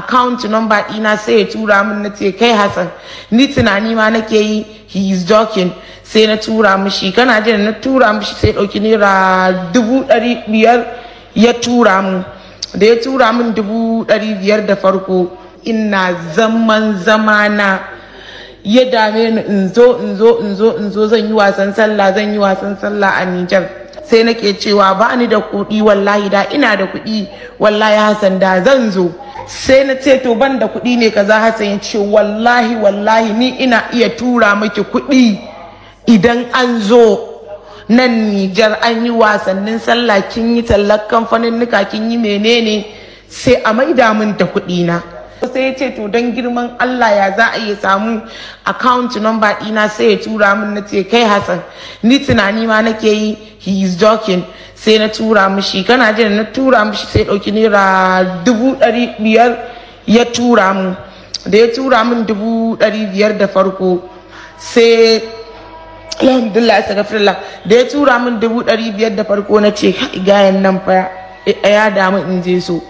account number ɗina sai ya tura min na ce kai hassan ni tunani ma nake yi he is joking sai na tura mishi kana jin na tura mishi sai ɗauki naira dubu dari biyar ya tura mu da ya tura min dubu dari biyar da farko ina zaman zamana ya dame ni in zo in zo in zo zan yi wasan sallah zan yi wasan sallah a Nijar sai nake cewa ba ni da kuɗi wallahi da ina da kuɗi wallahi Hassan da zan zo sai na ce to ban da kuɗi ne kaza Hassan ya ce wallahi wallahi ni ina iya tura miki kuɗi idan an zo nan Nijar an yi wasannin sallah kin yi tallar fanin nika kin yi menene sai a maida min da kuɗi na. sai ya ce to don girman Allah ya za a iya samu account number ina sai ya tura min na ce kai Hassan ni tunani ma nake yi he is joking sai na tura mishi kana jin na tura mishi sai ɗauki naira dubu dari biyar ya tura mu da ya tura min dubu dari biyar da farko sai alhamdulillah astaghfirullah da ya tura min dubu dari biyar da farko na ce gayan nan fa ya damu in je so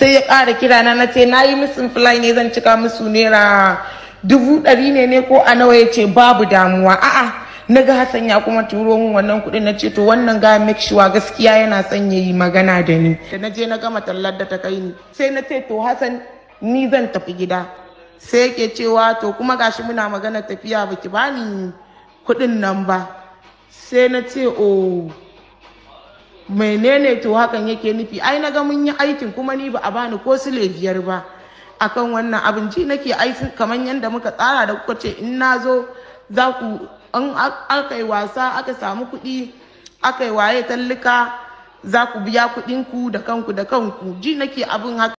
sai ya ƙara kira na na ce na yi musu fulai ne zan cika musu naira dubu ɗari ne ne ko a nawa ya ce babu damuwa a'a na ga Hassan ya kuma turo min wannan kuɗin na ce to wannan ga make sure gaskiya yana son ya yi magana da ni da na je na gama tallar da ta kai ni sai na ce to Hassan ni zan tafi gida sai yake cewa to kuma gashi muna magana tafiya baki bani kuɗin nan ba sai na ce o oh. menene to hakan yake nufi ai na ga mun yi aikin kuma ni ba a bani ko sile biyar ba akan wannan abin ji nake aiki kamar yadda muka tsara da kuka ce in na za ku an aka yi wasa aka samu kuɗi aka yi waye tallika za ku biya kuɗinku da kanku da kanku ji nake abin haka